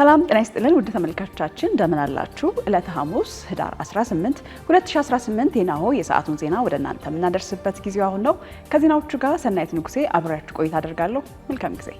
ሰላም ጤና ይስጥልን ውድ ተመልካቾቻችን እንደምን አላችሁ? ዕለተ ሐሙስ ህዳር 18 2018 የናሆ የሰዓቱን ዜና ወደ እናንተ የምናደርስበት ጊዜው አሁን ነው። ከዜናዎቹ ጋር ሰናይት ንጉሴ አብሬያችሁ ቆይታ አደርጋለሁ። መልካም ጊዜ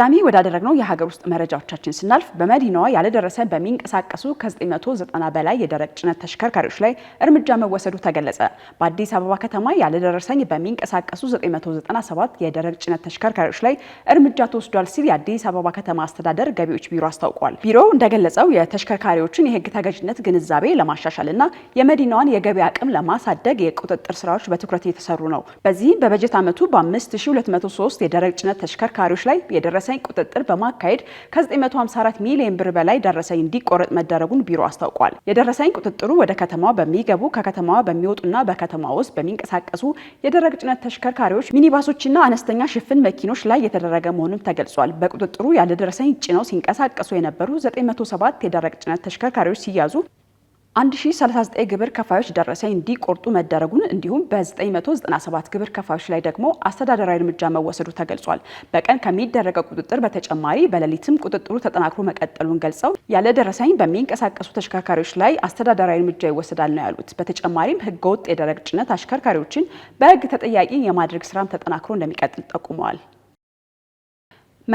ቀዳሚ ወዳደረግነው የሀገር ውስጥ መረጃዎቻችን ስናልፍ በመዲናዋ ያለደረሰ በሚንቀሳቀሱ ከ990 በላይ የደረቅ ጭነት ተሽከርካሪዎች ላይ እርምጃ መወሰዱ ተገለጸ። በአዲስ አበባ ከተማ ያለደረሰኝ በሚንቀሳቀሱ 997 የደረቅ ጭነት ተሽከርካሪዎች ላይ እርምጃ ተወስዷል ሲል የአዲስ አበባ ከተማ አስተዳደር ገቢዎች ቢሮ አስታውቋል። ቢሮው እንደገለጸው የተሽከርካሪዎችን የህግ ተገዥነት ግንዛቤ ለማሻሻል እና የመዲናዋን የገቢ አቅም ለማሳደግ የቁጥጥር ስራዎች በትኩረት እየተሰሩ ነው። በዚህም በበጀት ዓመቱ በ5203 የደረቅ ጭነት ተሽከርካሪዎች ላይ የደረሰ ወሳኝ ቁጥጥር በማካሄድ ከ954 ሚሊዮን ብር በላይ ደረሰኝ እንዲቆረጥ መደረጉን ቢሮ አስታውቋል። የደረሰኝ ቁጥጥሩ ወደ ከተማዋ በሚገቡ ከከተማዋ በሚወጡና በከተማ ውስጥ በሚንቀሳቀሱ የደረቅ ጭነት ተሽከርካሪዎች፣ ሚኒባሶችና አነስተኛ ሽፍን መኪኖች ላይ የተደረገ መሆኑን ተገልጿል። በቁጥጥሩ ያለ ደረሰኝ ጭነው ሲንቀሳቀሱ የነበሩ 907 የደረቅ ጭነት ተሽከርካሪዎች ሲያዙ 1039 ግብር ከፋዮች ደረሰኝ እንዲቆርጡ መደረጉን እንዲሁም በ997 ግብር ከፋዮች ላይ ደግሞ አስተዳደራዊ እርምጃ መወሰዱ ተገልጿል። በቀን ከሚደረገው ቁጥጥር በተጨማሪ በሌሊትም ቁጥጥሩ ተጠናክሮ መቀጠሉን ገልጸው ያለ ደረሰኝ በሚንቀሳቀሱ ተሽከርካሪዎች ላይ አስተዳደራዊ እርምጃ ይወሰዳል ነው ያሉት። በተጨማሪም ህገወጥ የደረቅ ጭነት አሽከርካሪዎችን በህግ ተጠያቂ የማድረግ ስራም ተጠናክሮ እንደሚቀጥል ጠቁመዋል።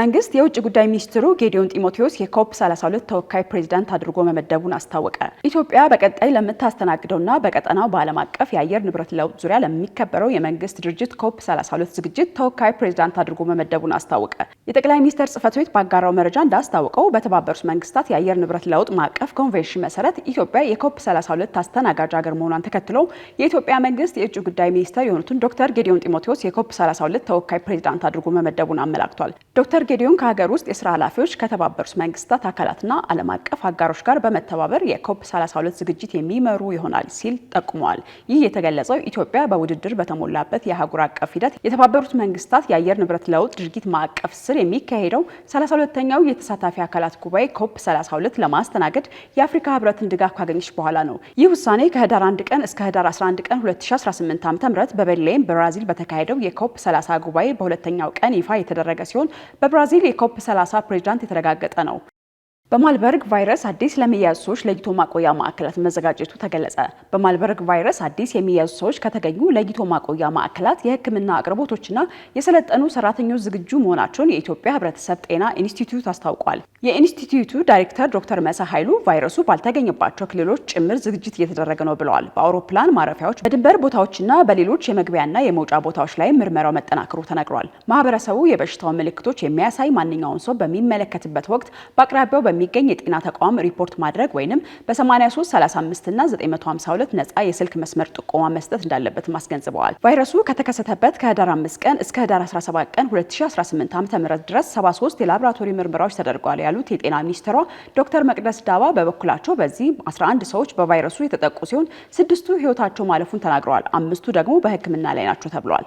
መንግስት የውጭ ጉዳይ ሚኒስትሩ ጌዲዮን ጢሞቴዎስ የኮፕ 32 ተወካይ ፕሬዚዳንት አድርጎ መመደቡን አስታወቀ። ኢትዮጵያ በቀጣይ ለምታስተናግደውና በቀጠናው በዓለም አቀፍ የአየር ንብረት ለውጥ ዙሪያ ለሚከበረው የመንግስት ድርጅት ኮፕ 32 ዝግጅት ተወካይ ፕሬዚዳንት አድርጎ መመደቡን አስታወቀ። የጠቅላይ ሚኒስትር ጽህፈት ቤት ባጋራው መረጃ እንዳስታወቀው በተባበሩት መንግስታት የአየር ንብረት ለውጥ ማዕቀፍ ኮንቬንሽን መሰረት ኢትዮጵያ የኮፕ 32 አስተናጋጅ ሀገር መሆኗን ተከትሎ የኢትዮጵያ መንግስት የውጭ ጉዳይ ሚኒስትር የሆኑትን ዶክተር ጌዲዮን ጢሞቴዎስ የኮፕ 32 ተወካይ ፕሬዚዳንት አድርጎ መመደቡን አመላክቷል። ዶክተር ጌዲዮን ከሀገር ውስጥ የስራ ኃላፊዎች ከተባበሩት መንግስታት አካላትና ዓለም አቀፍ አጋሮች ጋር በመተባበር የኮፕ 32 ዝግጅት የሚመሩ ይሆናል ሲል ጠቁመዋል። ይህ የተገለጸው ኢትዮጵያ በውድድር በተሞላበት የአህጉር አቀፍ ሂደት የተባበሩት መንግስታት የአየር ንብረት ለውጥ ድርጊት ማዕቀፍ ስር የሚካሄደው 32ኛው የተሳታፊ አካላት ጉባኤ ኮፕ 32 ለማስተናገድ የአፍሪካ ህብረትን ድጋፍ ካገኘች በኋላ ነው። ይህ ውሳኔ ከህዳር 1 ቀን እስከ ህዳር 11 ቀን 2018 ዓ.ም በበርሊን ብራዚል በተካሄደው የኮፕ 30 ጉባኤ በሁለተኛው ቀን ይፋ የተደረገ ሲሆን በብራዚል የኮፕ 30 ፕሬዚዳንት የተረጋገጠ ነው። በማልበርግ ቫይረስ አዲስ ለሚያዙ ሰዎች ለይቶ ማቆያ ማዕከላት መዘጋጀቱ ተገለጸ። በማልበርግ ቫይረስ አዲስ የሚያዙ ሰዎች ከተገኙ ለይቶ ማቆያ ማዕከላት የሕክምና አቅርቦቶችና የሰለጠኑ ሰራተኞች ዝግጁ መሆናቸውን የኢትዮጵያ ሕብረተሰብ ጤና ኢንስቲትዩት አስታውቋል። የኢንስቲትዩቱ ዳይሬክተር ዶክተር መሳ ኃይሉ ቫይረሱ ባልተገኘባቸው ክልሎች ጭምር ዝግጅት እየተደረገ ነው ብለዋል። በአውሮፕላን ማረፊያዎች፣ በድንበር ቦታዎችና በሌሎች የመግቢያና የመውጫ ቦታዎች ላይ ምርመራው መጠናከሩ ተነግሯል። ማህበረሰቡ የበሽታውን ምልክቶች የሚያሳይ ማንኛውም ሰው በሚመለከትበት ወቅት በአቅራቢያው በሚገኝ የጤና ተቋም ሪፖርት ማድረግ ወይም በ8335 እና 952 ነጻ የስልክ መስመር ጥቆማ መስጠት እንዳለበት አስገንዝበዋል። ቫይረሱ ከተከሰተበት ከህዳር 5 ቀን እስከ ህዳር 17 ቀን 2018 ዓ.ም ድረስ 73 የላቦራቶሪ ምርመራዎች ተደርገዋል ያሉት የጤና ሚኒስትሯ ዶክተር መቅደስ ዳባ በበኩላቸው በዚህ 11 ሰዎች በቫይረሱ የተጠቁ ሲሆን ስድስቱ ህይወታቸው ማለፉን ተናግረዋል። አምስቱ ደግሞ በህክምና ላይ ናቸው ተብሏል።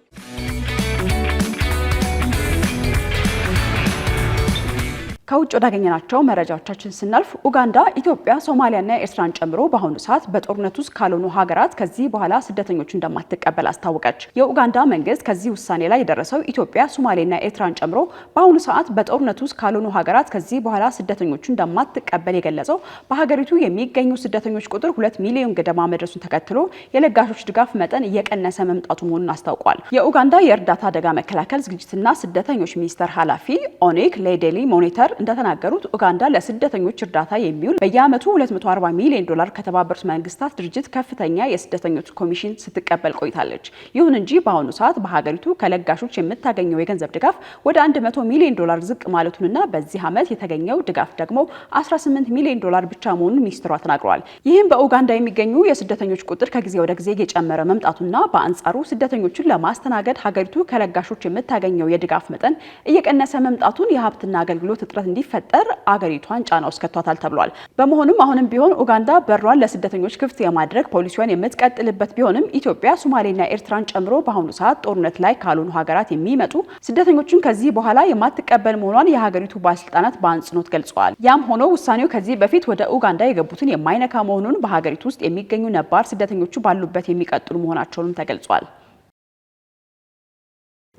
ከውጭ ወዳገኘናቸው መረጃዎቻችን ስናልፍ ኡጋንዳ፣ ኢትዮጵያ፣ ሶማሊያና ኤርትራን ጨምሮ በአሁኑ ሰዓት በጦርነት ውስጥ ካልሆኑ ሀገራት ከዚህ በኋላ ስደተኞች እንደማትቀበል አስታወቀች። የኡጋንዳ መንግስት ከዚህ ውሳኔ ላይ የደረሰው ኢትዮጵያ፣ ሶማሌና ኤርትራን ጨምሮ በአሁኑ ሰዓት በጦርነት ውስጥ ካልሆኑ ሀገራት ከዚህ በኋላ ስደተኞች እንደማትቀበል የገለጸው በሀገሪቱ የሚገኙ ስደተኞች ቁጥር ሁለት ሚሊዮን ገደማ መድረሱን ተከትሎ የለጋሾች ድጋፍ መጠን እየቀነሰ መምጣቱ መሆኑን አስታውቋል። የኡጋንዳ የእርዳታ አደጋ መከላከል ዝግጅትና ስደተኞች ሚኒስቴር ኃላፊ ኦኔክ ሌዴሊ ሞኒተር እንደተናገሩት ኡጋንዳ ለስደተኞች እርዳታ የሚውል በየአመቱ 240 ሚሊዮን ዶላር ከተባበሩት መንግስታት ድርጅት ከፍተኛ የስደተኞች ኮሚሽን ስትቀበል ቆይታለች። ይሁን እንጂ በአሁኑ ሰዓት በሀገሪቱ ከለጋሾች የምታገኘው የገንዘብ ድጋፍ ወደ 100 ሚሊዮን ዶላር ዝቅ ማለቱንና በዚህ ዓመት የተገኘው ድጋፍ ደግሞ 18 ሚሊዮን ዶላር ብቻ መሆኑን ሚኒስትሯ ተናግረዋል። ይህም በኡጋንዳ የሚገኙ የስደተኞች ቁጥር ከጊዜ ወደ ጊዜ እየጨመረ መምጣቱና በአንጻሩ ስደተኞችን ለማስተናገድ ሀገሪቱ ከለጋሾች የምታገኘው የድጋፍ መጠን እየቀነሰ መምጣቱን የሀብትና አገልግሎት እጥረት እጥረት እንዲፈጠር አገሪቷን ጫና ውስጥ ከቷታል ተብሏል። በመሆኑም አሁንም ቢሆን ኡጋንዳ በሯን ለስደተኞች ክፍት የማድረግ ፖሊሲዋን የምትቀጥልበት ቢሆንም ኢትዮጵያ፣ ሶማሌና ኤርትራን ጨምሮ በአሁኑ ሰዓት ጦርነት ላይ ካልሆኑ ሀገራት የሚመጡ ስደተኞችን ከዚህ በኋላ የማትቀበል መሆኗን የሀገሪቱ ባለስልጣናት በአጽንኦት ገልጸዋል። ያም ሆኖ ውሳኔው ከዚህ በፊት ወደ ኡጋንዳ የገቡትን የማይነካ መሆኑን በሀገሪቱ ውስጥ የሚገኙ ነባር ስደተኞቹ ባሉበት የሚቀጥሉ መሆናቸውንም ተገልጿል።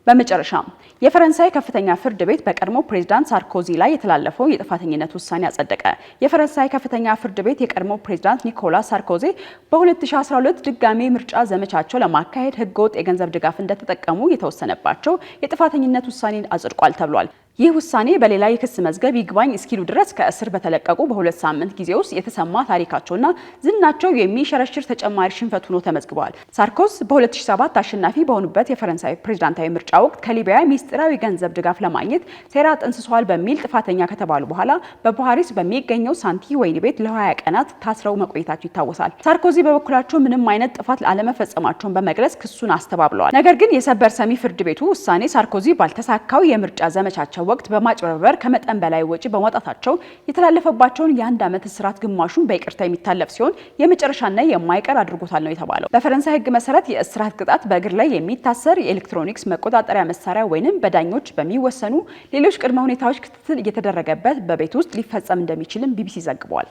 በመጨረሻም የፈረንሳይ ከፍተኛ ፍርድ ቤት በቀድሞ ፕሬዝዳንት ሳርኮዚ ላይ የተላለፈው የጥፋተኝነት ውሳኔ አጸደቀ። የፈረንሳይ ከፍተኛ ፍርድ ቤት የቀድሞ ፕሬዝዳንት ኒኮላስ ሳርኮዚ በ2012 ድጋሜ ምርጫ ዘመቻቸው ለማካሄድ ህገወጥ የገንዘብ ድጋፍ እንደተጠቀሙ የተወሰነባቸው የጥፋተኝነት ውሳኔ አጽድቋል ተብሏል። ይህ ውሳኔ በሌላ የክስ መዝገብ ይግባኝ እስኪሉ ድረስ ከእስር በተለቀቁ በሁለት ሳምንት ጊዜ ውስጥ የተሰማ ታሪካቸውና ዝናቸው የሚሸረሽር ተጨማሪ ሽንፈት ሆኖ ተመዝግበዋል። ሳርኮስ በ2007 አሸናፊ በሆኑበት የፈረንሳይ ፕሬዝዳንታዊ ምርጫ ወቅት ከሊቢያ ሚስጥራዊ ገንዘብ ድጋፍ ለማግኘት ሴራ ጠንስሰዋል በሚል ጥፋተኛ ከተባሉ በኋላ በፓሪስ በሚገኘው ሳንቲ ወይን ቤት ለ20 ቀናት ታስረው መቆየታቸው ይታወሳል። ሳርኮዚ በበኩላቸው ምንም አይነት ጥፋት አለመፈጸማቸውን በመግለጽ ክሱን አስተባብለዋል። ነገር ግን የሰበር ሰሚ ፍርድ ቤቱ ውሳኔ ሳርኮዚ ባልተሳካው የምርጫ ዘመቻቸው በምርጫቸው ወቅት በማጭበርበር ከመጠን በላይ ወጪ በማውጣታቸው የተላለፈባቸውን የአንድ ዓመት እስራት ግማሹን በይቅርታ የሚታለፍ ሲሆን የመጨረሻና የማይቀር አድርጎታል ነው የተባለው። በፈረንሳይ ሕግ መሰረት የእስራት ቅጣት በእግር ላይ የሚታሰር የኤሌክትሮኒክስ መቆጣጠሪያ መሳሪያ ወይንም በዳኞች በሚወሰኑ ሌሎች ቅድመ ሁኔታዎች ክትትል እየተደረገበት በቤት ውስጥ ሊፈጸም እንደሚችልም ቢቢሲ ዘግቧል።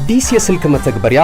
አዲስ የስልክ መተግበሪያ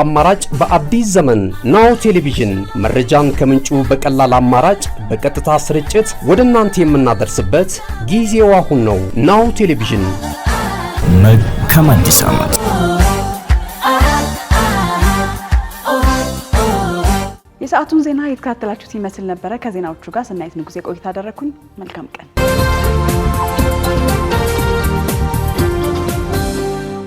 አማራጭ በአዲስ ዘመን ናሁ ቴሌቪዥን መረጃን ከምንጩ በቀላል አማራጭ በቀጥታ ስርጭት ወደ እናንተ የምናደርስበት ጊዜው አሁን ነው። ናሁ ቴሌቪዥን መልካም አዲስ ዓመት። የሰዓቱን ዜና የተከታተላችሁት ይመስል ነበረ። ከዜናዎቹ ጋር ስናይት ንጉሴ ቆይታ አደረግኩኝ። መልካም ቀን